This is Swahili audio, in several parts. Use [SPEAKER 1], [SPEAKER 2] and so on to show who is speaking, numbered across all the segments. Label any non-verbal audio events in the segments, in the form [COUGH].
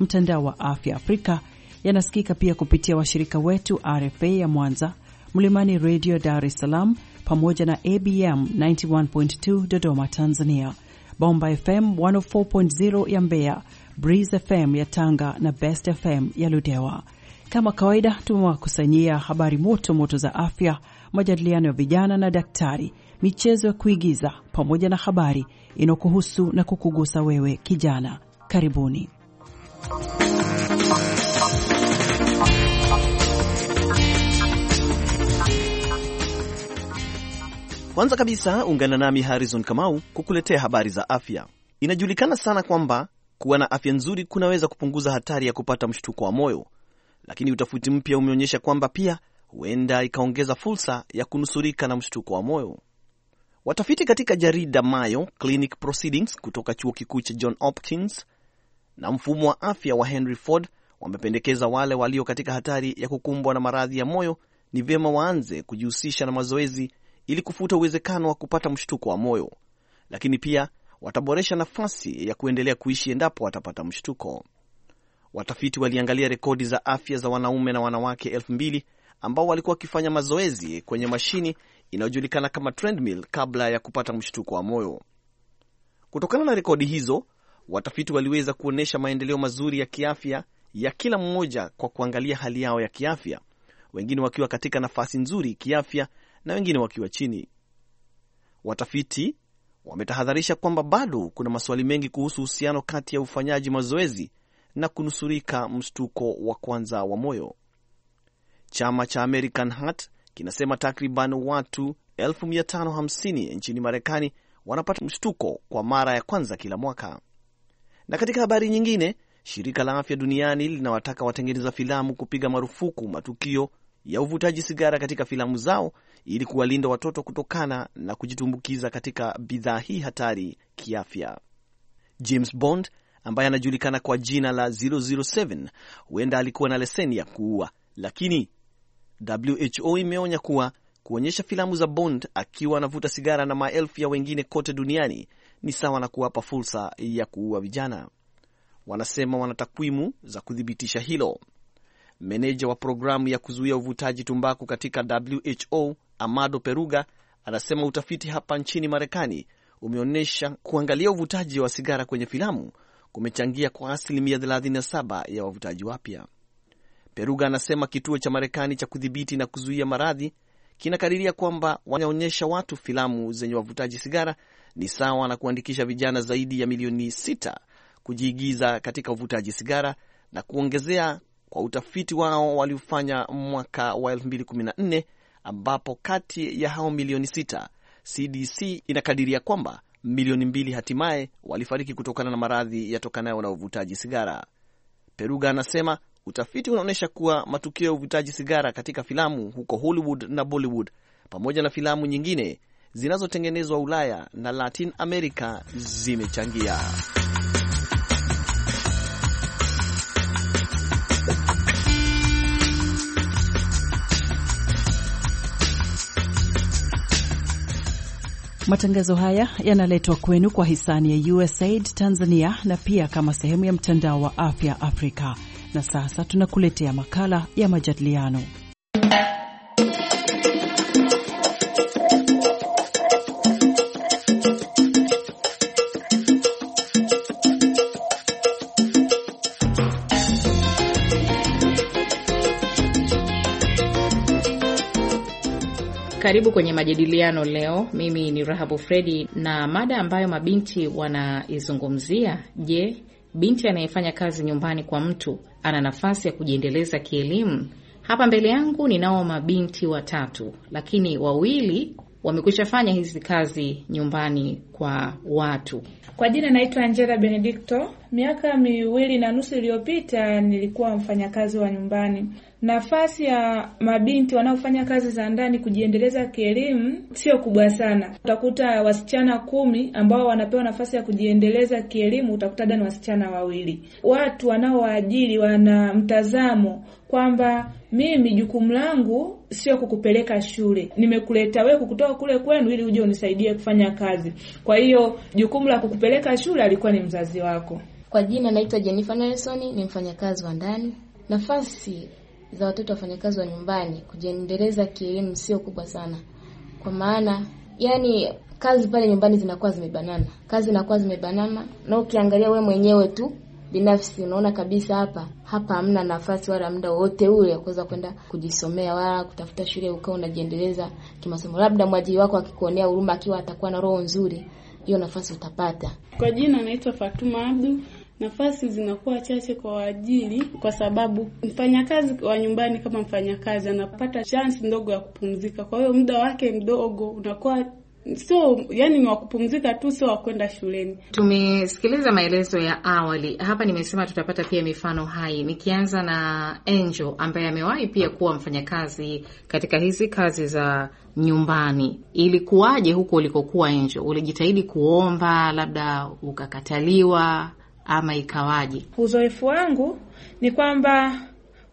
[SPEAKER 1] mtandao wa afya Afrika yanasikika pia kupitia washirika wetu RFA ya Mwanza, Mlimani Radio Dar es Salaam, pamoja na ABM 91.2 Dodoma Tanzania, Bomba FM 104.0 ya Mbeya, Breeze FM ya Tanga na Best FM ya Ludewa. Kama kawaida, tumewakusanyia habari moto moto za afya, majadiliano ya vijana na daktari, michezo ya kuigiza, pamoja na habari inayokuhusu na kukugusa wewe kijana. Karibuni.
[SPEAKER 2] Kwanza kabisa ungana nami Harrison Kamau kukuletea habari za afya. Inajulikana sana kwamba kuwa na afya nzuri kunaweza kupunguza hatari ya kupata mshtuko wa moyo, lakini utafiti mpya umeonyesha kwamba pia huenda ikaongeza fursa ya kunusurika na mshtuko wa moyo. Watafiti katika jarida Mayo Clinic Proceedings kutoka chuo kikuu cha John Hopkins na mfumo wa afya wa Henry Ford wamependekeza wale walio katika hatari ya kukumbwa na maradhi ya moyo ni vyema waanze kujihusisha na mazoezi ili kufuta uwezekano wa kupata mshtuko wa moyo, lakini pia wataboresha nafasi ya kuendelea kuishi endapo watapata mshtuko. Watafiti waliangalia rekodi za afya za wanaume na wanawake elfu mbili ambao walikuwa wakifanya mazoezi kwenye mashini inayojulikana kama treadmill kabla ya kupata mshtuko wa moyo. Kutokana na rekodi hizo, Watafiti waliweza kuonyesha maendeleo mazuri ya kiafya ya kila mmoja kwa kuangalia hali yao ya kiafya, wengine wakiwa katika nafasi nzuri kiafya na wengine wakiwa chini. Watafiti wametahadharisha kwamba bado kuna maswali mengi kuhusu uhusiano kati ya ufanyaji mazoezi na kunusurika mshtuko wa kwanza wa moyo. Chama cha American Heart kinasema takriban watu 550 nchini Marekani wanapata mshtuko kwa mara ya kwanza kila mwaka. Na katika habari nyingine, shirika la afya duniani linawataka watengeneza filamu kupiga marufuku matukio ya uvutaji sigara katika filamu zao ili kuwalinda watoto kutokana na kujitumbukiza katika bidhaa hii hatari kiafya. James Bond ambaye anajulikana kwa jina la 007 huenda alikuwa na leseni ya kuua, lakini WHO imeonya kuwa kuonyesha filamu za Bond akiwa anavuta sigara na maelfu ya wengine kote duniani ni sawa na kuwapa fursa ya kuua vijana. Wanasema wana takwimu za kuthibitisha hilo. Meneja wa programu ya kuzuia uvutaji tumbaku katika WHO Amado Peruga anasema utafiti hapa nchini Marekani umeonyesha kuangalia uvutaji wa sigara kwenye filamu kumechangia kwa asilimia 37 ya wavutaji wapya. Peruga anasema kituo cha Marekani cha kudhibiti na kuzuia maradhi kinakadiria kwamba wanaonyesha watu filamu zenye wavutaji sigara ni sawa na kuandikisha vijana zaidi ya milioni sita kujiigiza katika uvutaji sigara na kuongezea kwa utafiti wao waliofanya mwaka wa 2014 ambapo kati ya hao milioni sita CDC inakadiria kwamba milioni mbili hatimaye walifariki kutokana na maradhi yatokanayo na uvutaji sigara. Peruga anasema Utafiti unaonyesha kuwa matukio ya uvutaji sigara katika filamu huko Hollywood na Bollywood pamoja na filamu nyingine zinazotengenezwa Ulaya na Latin America zimechangia.
[SPEAKER 1] Matangazo haya yanaletwa kwenu kwa hisani ya USAID Tanzania na pia kama sehemu ya mtandao wa afya Afrika. Na sasa tunakuletea makala ya majadiliano.
[SPEAKER 3] Karibu kwenye majadiliano leo. Mimi ni Rahabu Fredi, na mada ambayo mabinti wanaizungumzia, je, binti anayefanya kazi nyumbani kwa mtu ana nafasi ya kujiendeleza kielimu. Hapa mbele yangu ninao mabinti watatu, lakini wawili wamekwisha fanya hizi kazi nyumbani kwa watu. Kwa jina
[SPEAKER 4] naitwa Angela Benedicto. Miaka miwili na nusu iliyopita nilikuwa mfanyakazi wa nyumbani. Nafasi ya mabinti wanaofanya kazi za ndani kujiendeleza kielimu sio kubwa sana. Utakuta wasichana kumi ambao wanapewa nafasi ya kujiendeleza kielimu, utakuta dani ni wasichana wawili. Watu wanaowaajiri wana mtazamo kwamba mimi jukumu langu sio kukupeleka shule, nimekuleta wewe kukutoa kule kwenu ili uje unisaidie kufanya kazi. Kwa hiyo jukumu la kukupeleka shule alikuwa ni mzazi wako.
[SPEAKER 5] Kwa jina naitwa Jennifer Nelson, ni mfanyakazi wa ndani. Nafasi za watoto wafanyakazi wa nyumbani kujiendeleza kielimu sio kubwa sana, kwa maana yani kazi pale nyumbani zinakuwa zimebanana, kazi zinakuwa zimebanana, na ukiangalia we mwenyewe tu binafsi unaona kabisa hapa hapa hamna nafasi wala muda wote ule wa kuweza kwenda kujisomea wala kutafuta shule ukao unajiendeleza kimasomo. Labda mwajiri wako akikuonea huruma, akiwa atakuwa na roho nzuri, hiyo nafasi utapata.
[SPEAKER 4] Kwa jina naitwa Fatuma Abdu. Nafasi zinakuwa chache kwa waajiri, kwa sababu mfanyakazi wa nyumbani kama mfanyakazi anapata chansi ndogo ya kupumzika, kwa hiyo muda wake mdogo unakuwa sio yani ni wakupumzika tu, sio wakwenda shuleni.
[SPEAKER 3] Tumesikiliza maelezo ya awali hapa, nimesema tutapata pia mifano hai, nikianza na Angel ambaye amewahi pia kuwa mfanyakazi katika hizi kazi za nyumbani. Ilikuwaje huko ulikokuwa Angel? Ulijitahidi kuomba, labda ukakataliwa ama ikawaje? Uzoefu wangu ni kwamba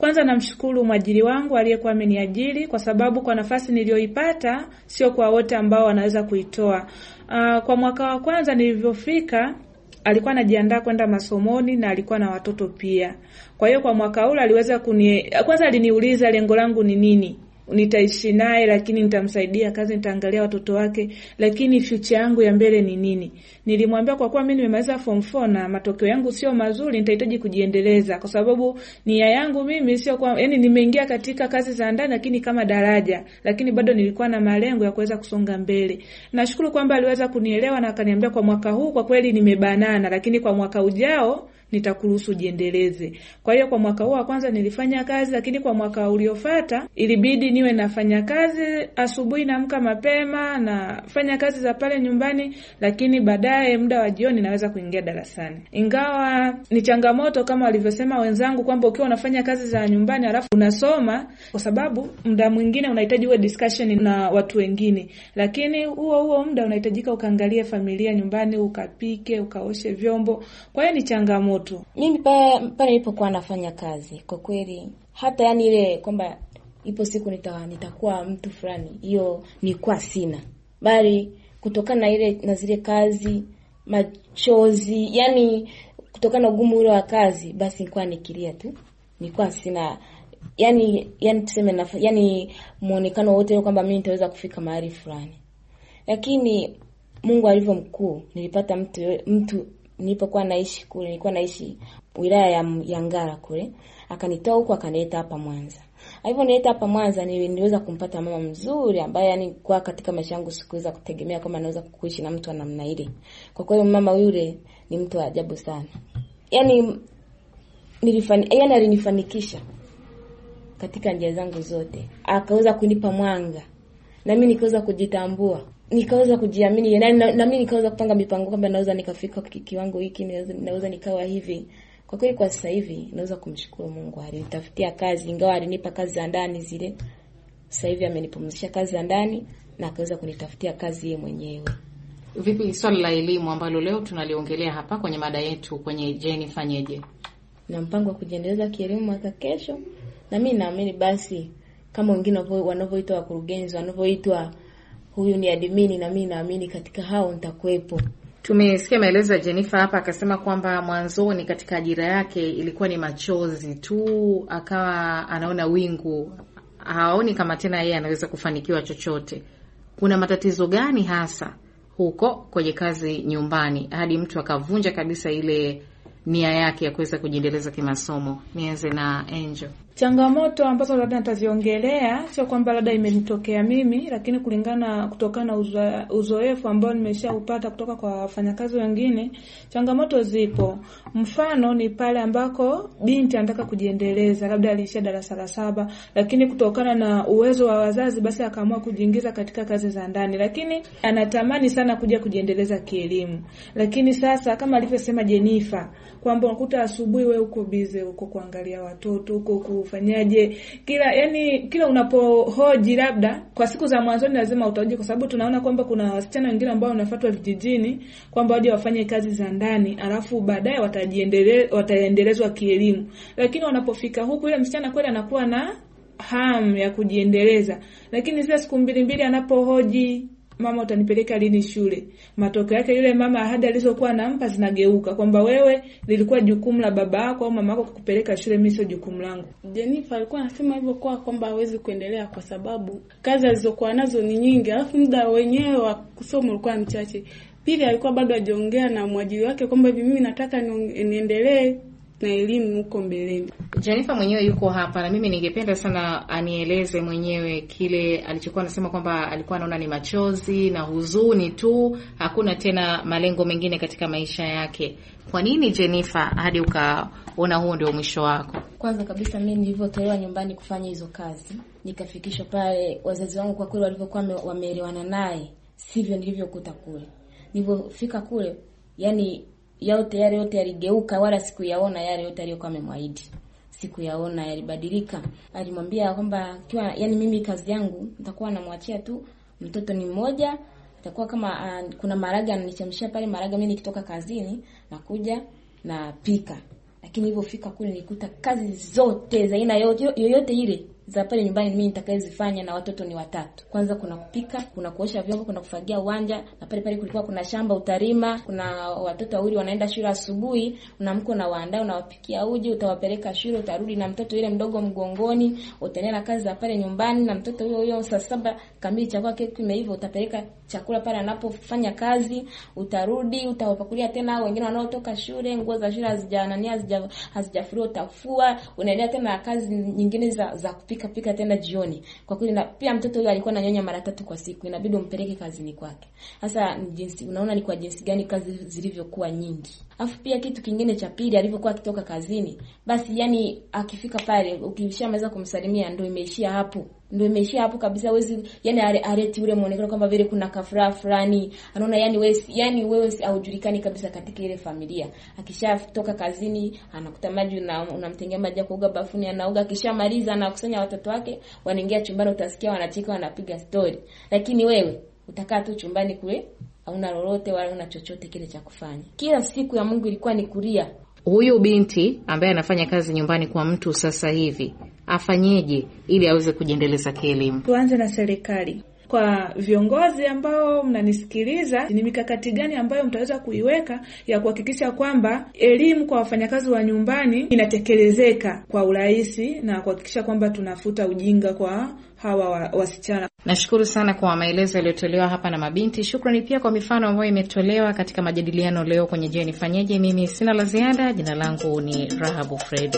[SPEAKER 4] kwanza namshukuru mwajiri wangu aliyekuwa ameniajiri kwa sababu kwa nafasi niliyoipata sio kwa wote ambao wanaweza kuitoa. Uh, kwa mwaka wa kwanza nilivyofika alikuwa anajiandaa kwenda masomoni na alikuwa na watoto pia. Kwa hiyo kwa mwaka ule aliweza kuni, kwanza aliniuliza lengo langu ni nini nitaishi naye, lakini nitamsaidia kazi, nitaangalia watoto wake, lakini future yangu ya mbele ni nini? Nilimwambia kwa kuwa mimi nimemaliza form 4 na matokeo yangu sio mazuri, nitahitaji kujiendeleza, kwa sababu nia yangu mimi sio kwa, yani nimeingia katika kazi za ndani, lakini kama daraja, lakini bado nilikuwa na malengo ya kuweza kusonga mbele. Nashukuru kwamba aliweza kunielewa na akaniambia, kwa mwaka huu kwa kweli nimebanana, lakini kwa mwaka ujao nitakuruhusu jiendeleze. Kwa hiyo kwa mwaka huu wa kwanza nilifanya kazi, lakini kwa mwaka uliofuata ilibidi niwe nafanya kazi asubuhi, naamka mapema, nafanya kazi za pale nyumbani, lakini baadaye muda wa jioni naweza kuingia darasani. Ingawa ni changamoto kama walivyosema wenzangu kwamba ukiwa unafanya kazi za nyumbani alafu unasoma, kwa sababu muda mwingine unahitaji uwe discussion na watu wengine, lakini huo huo muda unahitajika ukaangalie familia nyumbani, ukapike, ukaoshe
[SPEAKER 5] vyombo. Kwa hiyo ni changamoto tu. Mimi pale nilipokuwa nafanya kazi kwa kweli, hata yani ile kwamba ipo siku nita, nitakuwa mtu fulani, hiyo kwa sina, bali kutokana na ile na zile kazi, machozi, yani kutokana na ugumu ule wa kazi, basi nikuwa nikilia tu, nikuwa sina yani yani tuseme na yani muonekano wote kwamba mimi nitaweza kufika mahali fulani, lakini Mungu alivyo mkuu, nilipata mtu mtu nilipokuwa naishi kule, nilikuwa naishi wilaya ya, ya Ngara kule, akanitoa huko akanileta hapa Mwanza. nileta hapa Mwanza niliweza kumpata mama mzuri ambaye yani kwa katika maisha yangu sikuweza kutegemea kama naweza kuishi na mtu wa namna ile. Kwa kweli mama yule ni mtu wa ajabu sana. Yaani nilifani yani alinifanikisha katika njia zangu zote. Akaweza kunipa mwanga na mimi nikaweza kujitambua nikaweza kujiamini na, na, mimi nikaweza kupanga mipango kwamba naweza nikafika kiwango hiki, naweza, nikawa hivi. Kwa kweli kwa sasa hivi naweza kumshukuru Mungu, alinitafutia kazi, ingawa alinipa kazi za ndani zile. Sasa hivi amenipumzisha kazi za ndani na akaweza kunitafutia kazi
[SPEAKER 3] yeye mwenyewe. Vipi swali la elimu ambalo leo tunaliongelea hapa kwenye mada yetu kwenye jeni fanyeje
[SPEAKER 5] Na mpango wa kujiendeleza kielimu mwaka kesho, na mimi naamini basi kama wengine wanavyoitwa wakurugenzi, wanavyoitwa
[SPEAKER 3] huyu ni admini na mimi naamini katika hao nitakuwepo. Tumesikia maelezo ya Jennifer hapa, akasema kwamba mwanzoni katika ajira yake ilikuwa ni machozi tu, akawa anaona wingu, haoni kama tena yeye anaweza kufanikiwa chochote. Kuna matatizo gani hasa huko kwenye kazi nyumbani hadi mtu akavunja kabisa ile nia yake ya kuweza kujiendeleza kimasomo? Nianze na Angel.
[SPEAKER 4] Changamoto ambazo labda nitaziongelea, sio kwamba labda imenitokea mimi, lakini kulingana kutokana na uzo, uzoefu ambao nimeshaupata kutoka kwa wafanyakazi wengine, changamoto zipo. Mfano ni pale ambako binti anataka kujiendeleza, labda aliishia darasa la saba, lakini kutokana na uwezo wa wazazi, basi akaamua kujiingiza katika kazi za ndani, lakini anatamani sana kuja kujiendeleza kielimu. Lakini sasa kama alivyosema Jenifa kwamba unakuta asubuhi wewe uko bize uko kuangalia watoto uko huko ufanyaje, kila yani kila unapohoji, labda kwa siku za mwanzoni lazima utahoji, kwa sababu tunaona kwamba kuna wasichana wengine ambao wanafuatwa vijijini kwamba waje wafanye kazi za ndani, alafu baadaye watajiendelea wataendelezwa kielimu, lakini wanapofika huku ile msichana kweli anakuwa na hamu ya kujiendeleza, lakini zile siku mbili mbili anapohoji mama, utanipeleka lini shule? Matokeo yake yule mama, ahadi alizokuwa anampa zinageuka, kwamba wewe, lilikuwa jukumu la baba yako au mama yako kukupeleka shule, mimi sio jukumu langu. Jenifa alikuwa anasema hivyo kwa kwamba hawezi kuendelea kwa sababu kazi alizokuwa nazo ni nyingi, alafu muda wenyewe wa kusoma ulikuwa mchache. Pili, alikuwa bado hajaongea na mwajiri wake kwamba hivi mimi nataka niendelee na elimu huko mbeleni.
[SPEAKER 3] Jennifer mwenyewe yuko hapa na mimi ningependa sana anieleze mwenyewe kile alichokuwa anasema kwamba alikuwa anaona ni machozi na huzuni tu, hakuna tena malengo mengine katika maisha yake. Kwa nini Jennifer, hadi ukaona huo ndio mwisho wako?
[SPEAKER 5] Kwanza kabisa mimi nilivyotolewa nyumbani kufanya hizo kazi, nikafikishwa pale, wazazi wangu kwa kweli walivyokuwa wameelewana naye sivyo nilivyokuta kule. Nilivyofika kule, yani yote yale yote yaligeuka, wala sikuyaona yale yote aliyokuwa amemwahidi sikuyaona, yalibadilika. Alimwambia kwamba kiwa, yani mimi kazi yangu nitakuwa namwachia tu mtoto ni mmoja, itakuwa kama uh, kuna maraga ananichemshia pale maraga, mimi nikitoka kazini nakuja
[SPEAKER 3] na pika.
[SPEAKER 5] Lakini hivyo fika kule nikuta kazi zote za aina yoyote ile za pale nyumbani mimi nitakayezifanya na watoto ni watatu. Kwanza kuna kupika, kuna kuosha vyombo, kuna kufagia uwanja, na pale pale kulikuwa kuna shamba utarima, kuna watoto wawili wanaenda shule asubuhi, unaamka na waandaa, unawapikia uji, utawapeleka shule, utarudi na mtoto yule mdogo mgongoni, utaendelea na kazi za pale nyumbani na mtoto huyo huyo. Saa saba kamili chakula kile kimeiva, utapeleka chakula pale anapofanya kazi, utarudi, utawapakulia tena wengine wanaotoka shule, nguo za shule hazijanania hazijafuria, utafua, unaendelea tena na kazi nyingine za za kupika pika pika tena jioni. Kwa kweli na pia mtoto huyo alikuwa ananyonya mara tatu kwa siku, inabidi umpeleke kazini kwake. Sasa jinsi unaona ni kwa jinsi gani kazi zilivyokuwa nyingi. Alafu pia kitu kingine cha pili alivyokuwa akitoka kazini, basi yani akifika pale ukishamaliza kumsalimia ndio imeishia hapo. Ndio imeishia hapo kabisa, Wezi yani areti ule muonekano kama vile kuna kafuraha fulani. Anaona yani wewe yani wewe haujulikani kabisa katika ile familia. Akishatoka kazini, anakuta maji na unamtengea maji ya kuoga bafuni, anaoga akishamaliza anakusanya watoto wake, wanaingia chumbani utasikia wanacheka wanapiga story. Lakini wewe utakaa tu chumbani kule hauna lolote wala una chochote kile cha kufanya. Kila siku ya Mungu ilikuwa ni kulia.
[SPEAKER 3] Huyu binti ambaye anafanya kazi nyumbani kwa mtu sasa hivi afanyeje ili aweze kujiendeleza kielimu?
[SPEAKER 4] Tuanze na serikali kwa viongozi ambao mnanisikiliza, ni mikakati gani ambayo mtaweza kuiweka ya kuhakikisha kwamba elimu kwa wafanyakazi wa nyumbani inatekelezeka kwa urahisi na kuhakikisha kwamba tunafuta ujinga kwa hawa wasichana.
[SPEAKER 3] Nashukuru sana kwa maelezo yaliyotolewa hapa na mabinti. Shukrani pia kwa mifano ambayo imetolewa katika majadiliano leo kwenye Je, nifanyeje. Mimi sina la ziada. Jina langu ni Rahabu Fredi.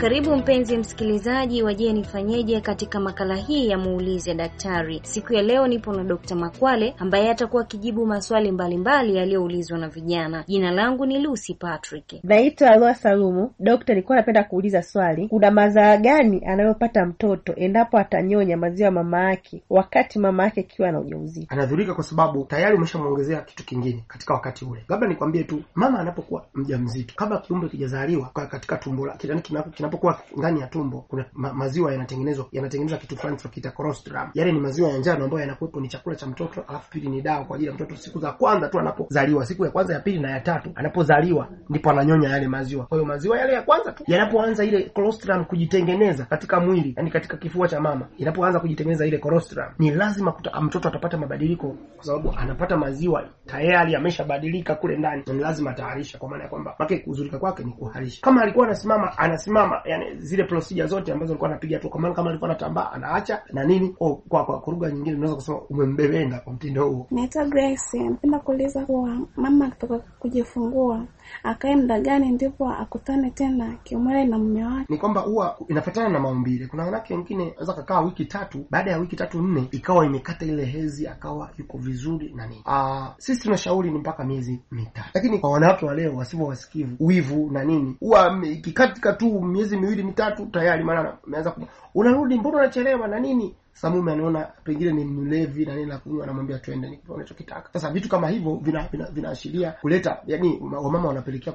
[SPEAKER 6] Karibu mpenzi msikilizaji wa Je nifanyeje katika makala hii ya muulize daktari. Siku ya leo nipo na Dr. Makwale ambaye atakuwa akijibu maswali mbalimbali yaliyoulizwa na vijana. Jina langu ni Lucy Patrick.
[SPEAKER 1] Naitwa Aloa Salumu. Dokta, nilikuwa napenda kuuliza swali, kuna madhara gani anayopata mtoto endapo atanyonya maziwa ya mama yake wakati mama yake akiwa na ujauzito?
[SPEAKER 7] Anadhurika kwa sababu tayari umeshamwongezea kitu kingine katika wakati ule. Labda nikwambie tu, mama anapokuwa mjamzito, kabla kiumbe kijazaliwa katika tumbo lake, unapokuwa ndani ya tumbo, kuna ma, maziwa yanatengenezwa yanatengenezwa kitu fulani tunakiita colostrum. Yale yaani ni maziwa ya njano ambayo yanakuwepo, ni chakula cha mtoto, alafu pili ni dawa kwa ajili ya mtoto siku za kwanza tu anapozaliwa, siku ya kwanza ya pili na ya tatu anapozaliwa, ndipo ananyonya yale maziwa. Kwa hiyo maziwa yale ya kwanza tu yanapoanza ile colostrum kujitengeneza katika mwili, yani katika kifua cha mama, inapoanza kujitengeneza ile colostrum, ni lazima kuta, mtoto atapata mabadiliko, kwa sababu anapata maziwa tayari ameshabadilika kule ndani, ni lazima ataharisha, kwa maana ya kwamba kuzurika kwake ni kuharisha. Kama alikuwa anasimama anasimama yani zile procedure zote ambazo alikuwa anapiga tu, kwa maana kama alikuwa anatambaa anaacha na nini. O, kwa kwa kuruga nyingine unaweza kusema umembebenda kwa mtindo huo.
[SPEAKER 8] Naitwa Grace, napenda kuuliza kuwa mama akitoka kujifungua akae muda gani ndipo akutane tena kimwili na mume wake?
[SPEAKER 7] Ni kwamba huwa inafuatana na maumbile. Kuna wanawake wengine anaweza kakaa wiki tatu, baada ya wiki tatu nne ikawa imekata ile hezi, akawa yuko vizuri na nini. Ah, sisi tunashauri ni mpaka miezi mitatu, lakini kwa wanawake wa leo wasivyo wasikivu, wivu na nini, huwa ikikatika tu miezi miezi miwili mitatu tayari maana ameanza kuja unarudi mbona unachelewa na nini samume anaona pengine ni mlevi na nini lakini anamwambia twende nikupe unachokitaka sasa vitu kama hivyo vinaashiria vina, vina kuleta yani wamama wanapelekea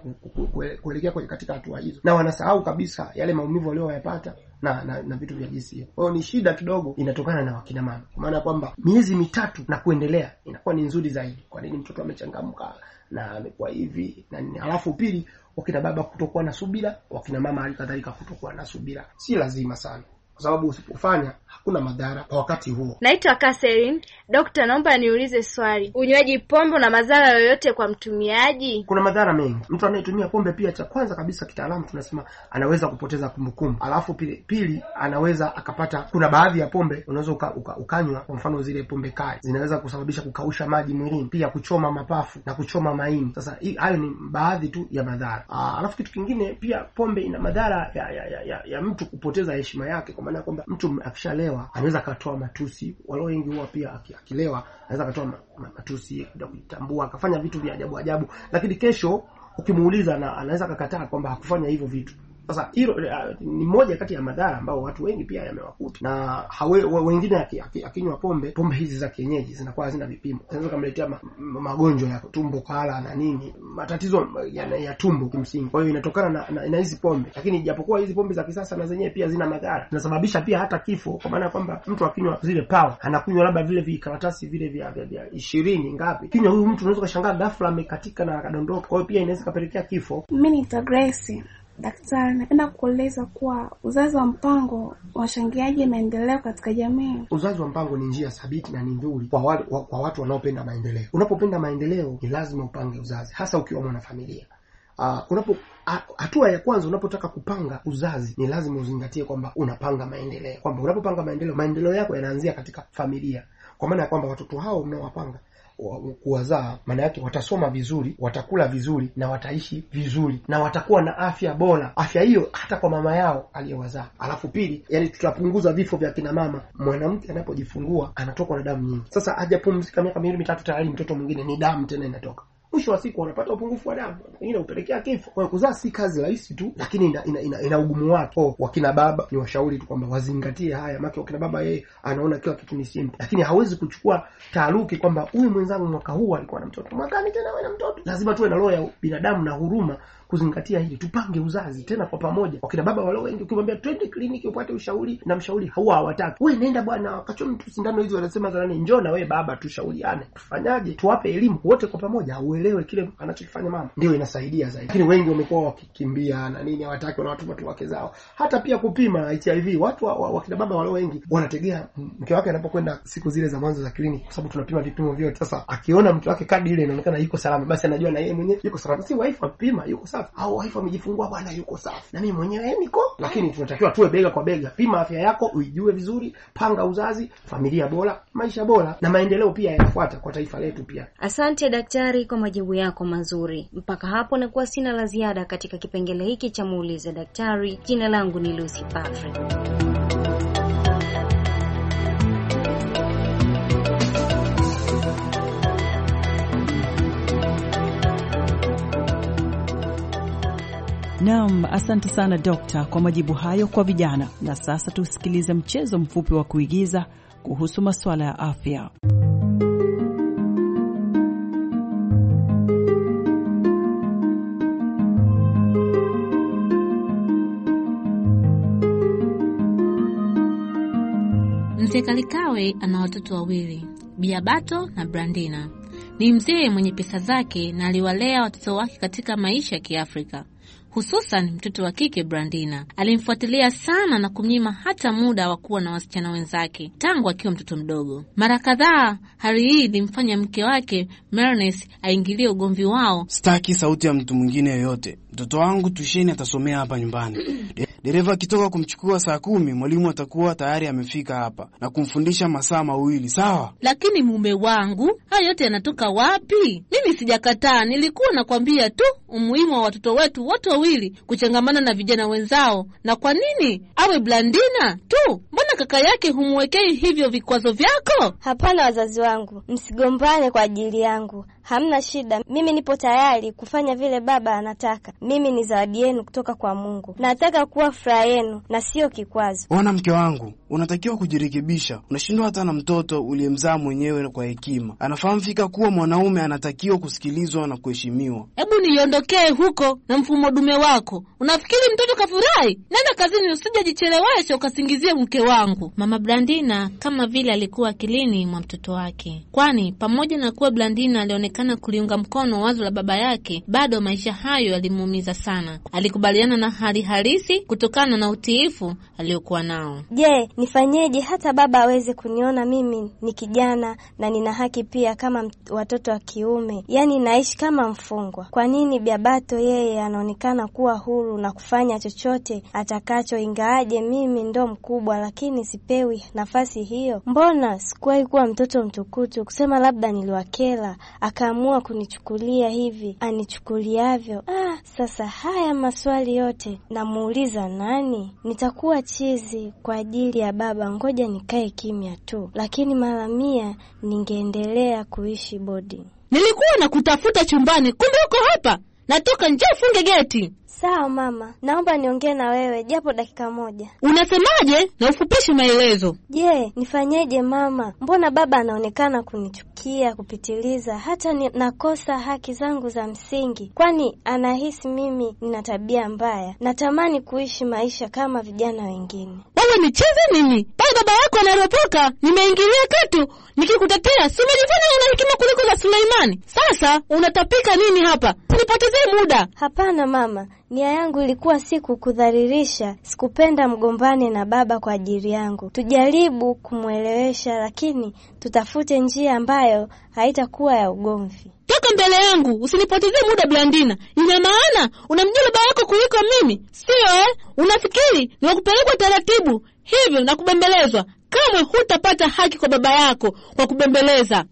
[SPEAKER 7] kuelekea kwenye katika hatua hizo na wanasahau kabisa yale maumivu walioyapata na, na na vitu vya jinsi hiyo. Kwa ni shida kidogo inatokana na wakina mama, kwa maana kwamba miezi mitatu na kuendelea inakuwa ni nzuri zaidi. Kwa nini mtoto amechangamka na amekuwa hivi na nini halafu pili wakina baba kutokuwa na subira, wakina mama hali kadhalika kutokuwa na subira. Si lazima sana kwa sababu usipofanya hakuna madhara kwa wakati huo.
[SPEAKER 5] Naitwa Catherine. Dokta, naomba niulize swali, unywaji pombe una madhara yoyote kwa mtumiaji?
[SPEAKER 8] Kuna
[SPEAKER 7] madhara mengi. Mtu anayetumia pombe pia, cha kwanza kabisa kitaalamu tunasema anaweza kupoteza kumbukumbu, alafu pili, pili anaweza akapata, kuna baadhi ya pombe unaweza uka, uka, ukanywa kwa mfano zile pombe kali zinaweza kusababisha kukausha maji mwilini, pia kuchoma mapafu na kuchoma maini. Sasa hayo ni baadhi tu ya madhara. Alafu kitu kingine pia pombe ina madhara ya, ya, ya, ya, ya mtu kupoteza heshima yake kwa maana ya kwamba mtu akishalewa anaweza akatoa matusi. Walio wengi huwa pia akilewa anaweza akatoa matusi kuja kujitambua, akafanya vitu vya ajabu ajabu, lakini kesho ukimuuliza, na anaweza akakataa kwamba hakufanya hivyo vitu. Sasa hilo eh, ni moja kati ya madhara ambayo watu wengi pia yamewakuta, na hawe, wengine akinywa pombe pombe hizi za kienyeji zinakuwa hazina vipimo, zinaweza kumletea ma, magonjwa ya tumbo kala na nini, matatizo ya, ya tumbo kimsingi. Kwa hiyo inatokana na, na, na hizi pombe, lakini japokuwa hizi pombe za kisasa na zenyewe pia zina madhara, zinasababisha pia hata kifo, kwa maana kwamba mtu akinywa zile pawa, anakunywa labda vile vikaratasi vile vya vya ishirini ngapi, kinywa huyu mtu unaweza ukashangaa ghafla amekatika na akadondoka. Kwa hiyo pia inaweza ikapelekea kifo.
[SPEAKER 8] Mimi nita Daktari, napenda kueleza kuwa uzazi wa mpango unachangiaje maendeleo katika jamii?
[SPEAKER 7] Uzazi wa mpango ni njia thabiti na ni nzuri kwa, wa, kwa watu wanaopenda maendeleo. Unapopenda maendeleo, ni lazima upange uzazi, hasa ukiwa mwanafamilia. Uh, unapo hatua ya kwanza unapotaka kupanga uzazi ni lazima uzingatie kwamba unapanga maendeleo, kwamba unapopanga maendeleo, maendeleo yako yanaanzia katika familia, kwa maana ya kwamba watoto hao mnaowapanga kuwazaa, maana yake watasoma vizuri, watakula vizuri na wataishi vizuri na watakuwa na afya bora, afya hiyo hata kwa mama yao aliyewazaa. Alafu pili, yani tutapunguza vifo vya kina mama. Mwanamke anapojifungua anatokwa na damu nyingi. Sasa hajapumzika miaka miwili mitatu, tayari mtoto mwingine ni damu tena inatoka mwisho wa siku wanapata upungufu wa damu, pengine upelekea kifo. Kwa kuzaa si kazi rahisi tu, lakini ina, ina, ina, ina ugumu wake. Oh, wakina baba ni washauri tu kwamba wazingatie haya, maana wakina baba yeye anaona kila kitu ni simple, lakini hawezi kuchukua taaruki kwamba huyu mwenzangu mwaka huu alikuwa na mtoto, mwakani tena awe na mtoto. Lazima tuwe na roho ya binadamu na huruma kuzingatia hili, tupange uzazi tena kwa pamoja. Wakina baba walio wengi ukimwambia twende kliniki upate ushauri na mshauri hawa hawataki, we nenda bwana wakachome tu sindano hizi, wanasema za Njoo na we baba, tushauriane, tufanyaje, tuwape elimu wote kwa pamoja, auelewe kile anachokifanya mama, ndio inasaidia zaidi. Lakini wengi wamekuwa wakikimbia na nini, hawataki wanawatuma tu wake zao, hata pia kupima HIV. Watu wakina baba walio wengi wanategea mke wake anapokwenda siku zile za mwanzo za kliniki, kwa sababu tunapima vipimo vyote. Sasa akiona mke wake kadi ile inaonekana iko salama, basi anajua na yeye mwenyewe yuko salama, si wife apima yuko salama safi au wife amejifungua bwana yuko safi na mimi mwenyewe eh, niko lakini tunatakiwa tuwe bega kwa bega pima afya yako uijue vizuri panga uzazi familia bora maisha bora na maendeleo pia yanafuata kwa taifa letu pia
[SPEAKER 6] asante daktari kwa majibu yako mazuri mpaka hapo nakuwa sina la ziada katika kipengele hiki cha muulize daktari jina langu ni Lucy Patrick
[SPEAKER 1] Naam, asante sana dokta kwa majibu hayo kwa vijana. Na sasa tusikilize mchezo mfupi wa kuigiza kuhusu masuala ya afya.
[SPEAKER 9] Mzee Kalikawe ana watoto wawili, Biabato na Brandina. Ni mzee mwenye pesa zake na aliwalea watoto wake katika maisha ya Kiafrika hususan mtoto wa kike Brandina. Alimfuatilia sana na kumnyima hata muda wa kuwa na wasichana wenzake tangu akiwa mtoto mdogo. Mara kadhaa hali hii ilimfanya mke wake Mernes aingilie ugomvi wao.
[SPEAKER 7] Staki sauti ya mtu mwingine yoyote, mtoto wangu tusheni atasomea hapa nyumbani [CLEARS THROAT] Dereva akitoka kumchukua saa kumi, mwalimu atakuwa tayari amefika hapa na kumfundisha masaa mawili. Sawa,
[SPEAKER 9] lakini mume wangu, haya yote yanatoka wapi? Mimi sijakataa, nilikuwa nakwambia tu umuhimu wa watoto wetu wote wawili kuchangamana na vijana wenzao. Na kwa nini awe Blandina tu? Mbona kaka yake humwekei hivyo vikwazo vyako? Hapana, wazazi wangu, msigombane kwa ajili yangu.
[SPEAKER 6] Hamna shida, mimi nipo tayari kufanya vile baba anataka. Mimi ni zawadi yenu kutoka kwa Mungu. Nataka kuwa furaha yenu na siyo kikwazo. Ona
[SPEAKER 7] mke wangu, unatakiwa kujirekebisha. Unashindwa hata na mtoto uliyemzaa mwenyewe kwa hekima. Anafahamu fika kuwa mwanaume anatakiwa kusikilizwa na kuheshimiwa.
[SPEAKER 9] Hebu niondokee huko na mfumo dume wako. Unafikiri mtoto kafurahi? Nenda kazini, usije jichelewesha ukasingizie mke wangu. Mama Blandina kama vile alikuwa akilini mwa mtoto wake, kwani pamoja na kuwa Blandina alionekana kuliunga mkono wazo la baba yake, bado maisha hayo yalimuumiza sana. Alikubaliana na hali halisi kuto kutokana na utiifu aliokuwa nao. Je, nifanyeje hata baba
[SPEAKER 6] aweze kuniona mimi ni kijana na nina haki pia kama watoto wa kiume? Yaani naishi kama mfungwa. Kwa nini Biabato yeye anaonekana kuwa huru na kufanya chochote atakacho, ingaaje mimi ndo mkubwa, lakini sipewi nafasi hiyo? Mbona sikuwahi kuwa mtoto mtukutu kusema labda niliwakela akaamua kunichukulia hivi anichukuliavyo? Ah, sasa haya maswali yote namuuliza nani? Nitakuwa chizi kwa ajili ya baba, ngoja nikae kimya tu, lakini mara mia ningeendelea kuishi bodi.
[SPEAKER 9] Nilikuwa na kutafuta chumbani, kumbe uko hapa. Natoka nje, ufunge geti.
[SPEAKER 6] Sawa mama, naomba niongee na wewe japo dakika moja.
[SPEAKER 9] Unasemaje? na ufupishe maelezo.
[SPEAKER 6] Je, nifanyeje mama? Mbona baba anaonekana kunichukia kupitiliza, hata ni nakosa haki zangu za msingi, kwani anahisi mimi nina tabia mbaya. Natamani kuishi maisha kama vijana wengine.
[SPEAKER 9] Wewe nicheze nini pale? Baba yako anaropoka, nimeingilia katu nikikutetea, si umejifanya una hekima kuliko za Suleimani? Sasa unatapika nini hapa? Nipotezee muda?
[SPEAKER 6] Hapana mama Nia yangu ilikuwa si kukudhalilisha, sikupenda mgombane na baba kwa ajili yangu. Tujaribu kumwelewesha, lakini tutafute njia ambayo haitakuwa ya ugomvi.
[SPEAKER 9] Toka mbele yangu, usinipotezee muda Blandina. Ina maana unamjua baba yako kuliko mimi, sio eh? Unafikiri ni wakupelekwa taratibu hivyo na kubembelezwa? Kamwe hutapata haki kwa baba yako kwa kubembeleza.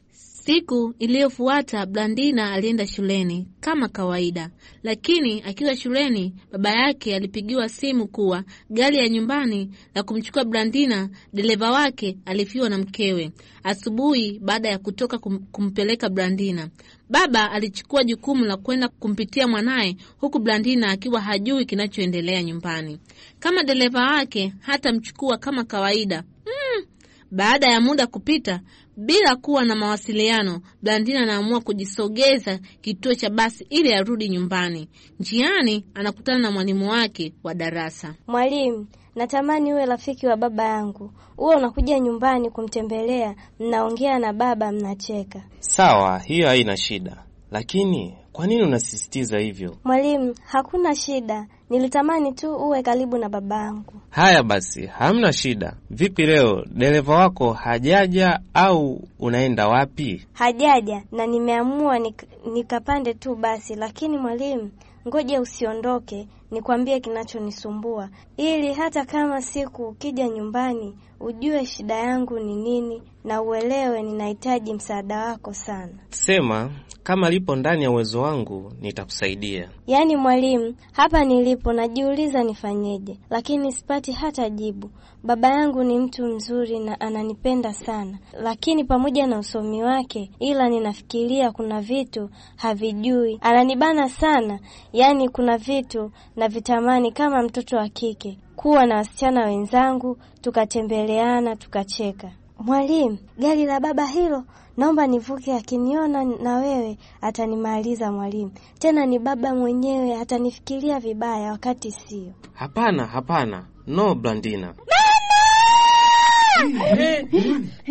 [SPEAKER 9] Siku iliyofuata Blandina alienda shuleni kama kawaida, lakini akiwa shuleni baba yake alipigiwa simu kuwa gari ya nyumbani la kumchukua Blandina, dereva wake alifiwa na mkewe. Asubuhi baada ya kutoka kum, kumpeleka Blandina, baba alichukua jukumu la kwenda kumpitia mwanaye, huku Blandina akiwa hajui kinachoendelea nyumbani. Kama dereva wake hatamchukua kama kawaida. Mm, baada ya muda kupita bila kuwa na mawasiliano, Blandina anaamua kujisogeza kituo cha basi ili arudi nyumbani. Njiani anakutana na mwalimu wake wa darasa.
[SPEAKER 6] Mwalimu, natamani uwe rafiki wa baba yangu. Uwe unakuja nyumbani kumtembelea, mnaongea na baba, mnacheka.
[SPEAKER 2] Sawa, hiyo haina shida, lakini kwa nini unasisitiza hivyo?
[SPEAKER 6] Mwalimu, hakuna shida Nilitamani tu uwe karibu na babangu.
[SPEAKER 2] Haya basi, hamna shida. Vipi leo dereva wako hajaja au unaenda wapi?
[SPEAKER 6] Hajaja na nimeamua nik nikapande tu basi, lakini mwalimu, ngoja usiondoke nikwambie kinachonisumbua, ili hata kama siku ukija nyumbani ujue shida yangu ni nini na uelewe ninahitaji msaada wako sana.
[SPEAKER 2] Sema. Kama lipo ndani ya uwezo wangu nitakusaidia.
[SPEAKER 6] Yaani mwalimu, hapa nilipo najiuliza nifanyeje, lakini sipati hata jibu. Baba yangu ni mtu mzuri na ananipenda sana, lakini pamoja na usomi wake, ila ninafikiria kuna vitu havijui, ananibana sana. Yaani kuna vitu na vitamani kama mtoto wa kike, kuwa na wasichana wenzangu, tukatembeleana, tukacheka. Mwalimu, gari la baba hilo naomba nivuke, akiniona na wewe atanimaliza mwalimu. Tena ni baba mwenyewe, atanifikiria vibaya wakati sio.
[SPEAKER 7] Hapana, hapana, no Blandina.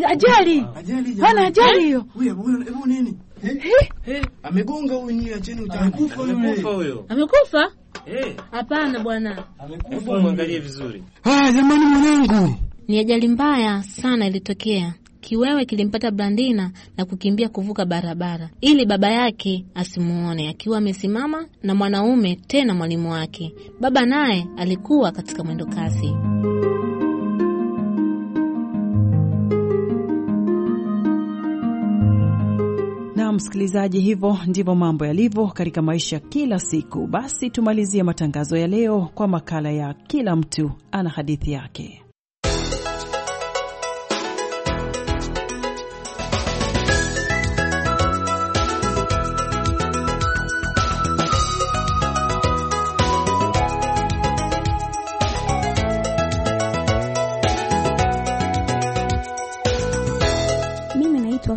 [SPEAKER 7] Ajali,
[SPEAKER 5] ana ajali
[SPEAKER 9] hiyo. Eh? Hebu nini, eh? Eh? amegonga huyu nini? Acheni, Amekufa? Hapana bwana,
[SPEAKER 7] amekufa. vizuri.
[SPEAKER 9] Ah, jamani, mwanangu, ni ajali mbaya sana ilitokea Kiwewe kilimpata Blandina na kukimbia kuvuka barabara ili baba yake asimuone akiwa amesimama na mwanaume tena mwalimu wake. Baba naye alikuwa katika mwendo kasi.
[SPEAKER 1] Msikilizaji, hivyo ndivyo mambo yalivyo katika maisha kila siku. Basi tumalizie matangazo ya leo kwa makala ya kila mtu ana hadithi yake.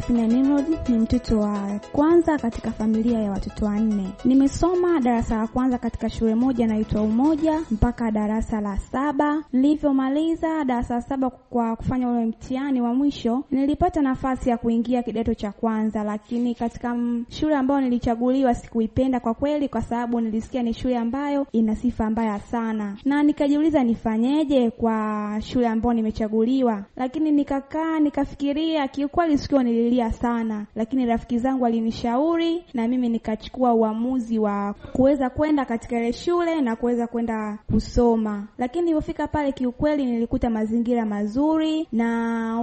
[SPEAKER 8] Safina Nimrod ni mtoto wa kwanza katika familia ya watoto wanne. Nimesoma darasa la kwanza katika shule moja inaitwa Umoja mpaka darasa la saba. Nilivyomaliza darasa la saba kwa kufanya ule mtihani wa mwisho, nilipata nafasi ya kuingia kidato cha kwanza, lakini katika shule ambayo nilichaguliwa sikuipenda kwa kweli, kwa sababu nilisikia ni shule ambayo ina sifa mbaya sana, na nikajiuliza nifanyeje kwa shule ambayo nimechaguliwa, lakini nikakaa nikafikiria, kiukweli sikuwa nilili nililia sana, lakini rafiki zangu alinishauri na mimi nikachukua uamuzi wa kuweza kwenda katika ile shule na kuweza kwenda kusoma. Lakini nilipofika pale, kiukweli nilikuta mazingira mazuri na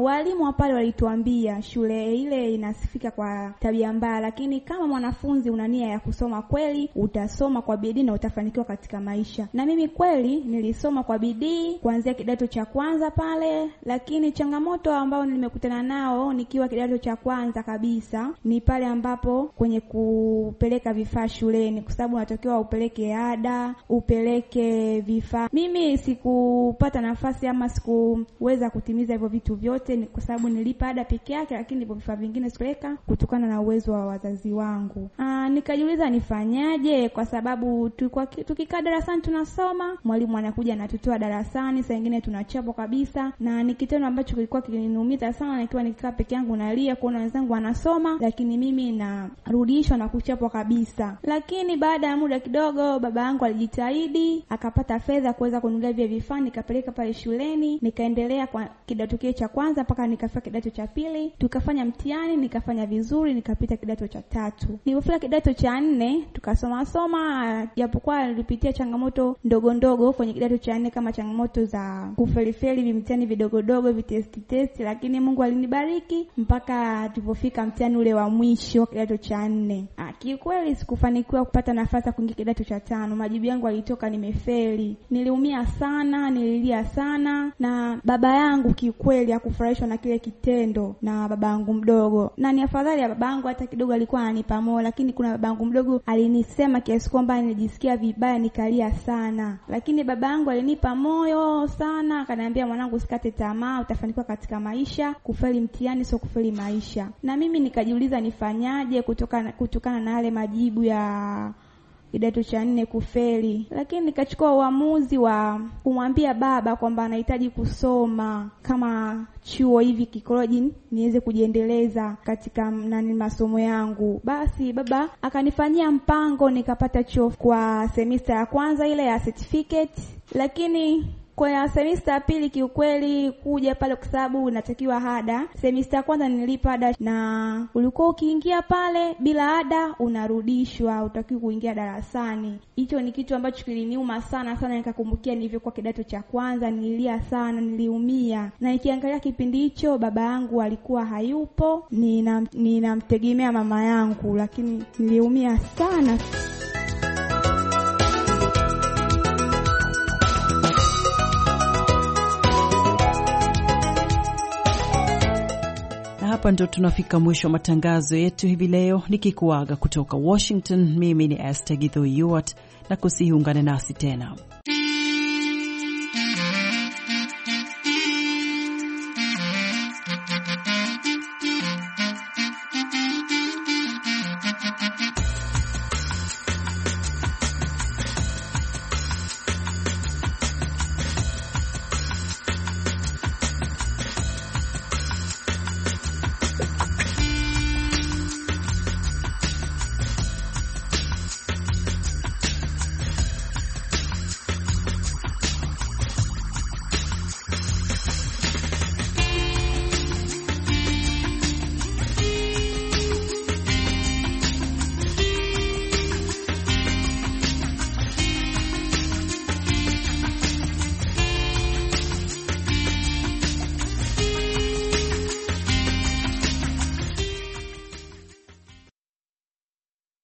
[SPEAKER 8] walimu wa pale walituambia shule ile inasifika kwa tabia mbaya, lakini kama mwanafunzi una nia ya kusoma kweli, utasoma kwa bidii na utafanikiwa katika maisha. Na mimi kweli nilisoma kwa bidii kuanzia kidato cha kwanza pale, lakini changamoto ambayo nimekutana nao nikiwa kidato cha kwanza kabisa ni pale ambapo kwenye kupeleka vifaa shuleni, kwa sababu unatakiwa upeleke ada, upeleke vifaa. Mimi sikupata nafasi ama sikuweza kutimiza hivyo vitu vyote kwa sababu nilipa ada peke yake, lakini hivyo vifaa vingine sikupeleka kutokana na uwezo wa wazazi wangu. Aa, ah, nikajiuliza nifanyaje, kwa sababu tulikuwa tukikaa darasani tunasoma, mwalimu anakuja anatutoa darasani, saa nyingine tunachapo kabisa, na ni kitendo ambacho kilikuwa kininiumiza sana, nikiwa nikikaa peke yangu nalia kwa kuna wenzangu wanasoma, lakini mimi narudishwa na kuchapwa kabisa. Lakini baada ya muda kidogo, baba yangu alijitahidi akapata fedha kuweza kununulia vya vifaa, nikapeleka pale shuleni, nikaendelea kwa kidato kile cha kwanza mpaka nikafika kidato cha pili, tukafanya mtihani, nikafanya vizuri, nikapita kidato cha tatu. Nilipofika kidato cha nne, tukasoma soma, japokuwa nilipitia changamoto ndogo ndogo kwenye kidato cha nne kama changamoto za kuferiferi vimtihani vidogodogo, vitesti testi, lakini Mungu alinibariki mpaka tulipofika mtihani ule wa mwisho kidato cha nne, ah, kiukweli sikufanikiwa kupata nafasi ya kuingia kidato cha tano. Majibu yangu alitoka nimefeli. Niliumia sana, nililia sana, na baba yangu kiukweli hakufurahishwa na kile kitendo, na baba yangu mdogo, na ni afadhali ya baba yangu hata kidogo alikuwa ananipa moyo, lakini kuna baba yangu mdogo alinisema kiasi kwamba nilijisikia vibaya, nikalia sana, lakini baba yangu alinipa moyo sana, akaniambia, mwanangu, usikate tamaa, utafanikiwa katika maisha. Kufeli mtihani sio kufeli maisha kuisha. Na mimi nikajiuliza nifanyaje kutokana kutokana na yale majibu ya kidato cha nne kufeli, lakini nikachukua uamuzi wa kumwambia baba kwamba anahitaji kusoma kama chuo hivi kikoloji, niweze kujiendeleza katika nani masomo yangu. Basi baba akanifanyia mpango, nikapata chuo kwa semesta ya kwanza ile ya certificate, lakini kwa semista ya pili kiukweli kuja pale, kwa sababu unatakiwa ada. Semista ya kwanza nilipa ada, na ulikuwa ukiingia pale bila ada unarudishwa, utakiwa kuingia darasani. Hicho ni kitu ambacho kiliniuma sana sana, nikakumbukia nilivyokuwa kidato cha kwanza, nililia sana, niliumia. Na ikiangalia kipindi hicho baba yangu alikuwa hayupo, ninamtegemea nina mama yangu, lakini niliumia sana.
[SPEAKER 1] hapa ndo tunafika mwisho wa matangazo yetu hivi leo, nikikuaga kutoka Washington. Mimi ni Esther Githo Yuart, na kusihi ungane nasi tena.